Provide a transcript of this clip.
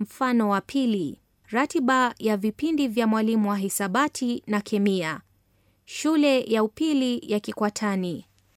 Mfano wa pili, ratiba ya vipindi vya mwalimu wa hisabati na kemia, shule ya upili ya Kikwatani.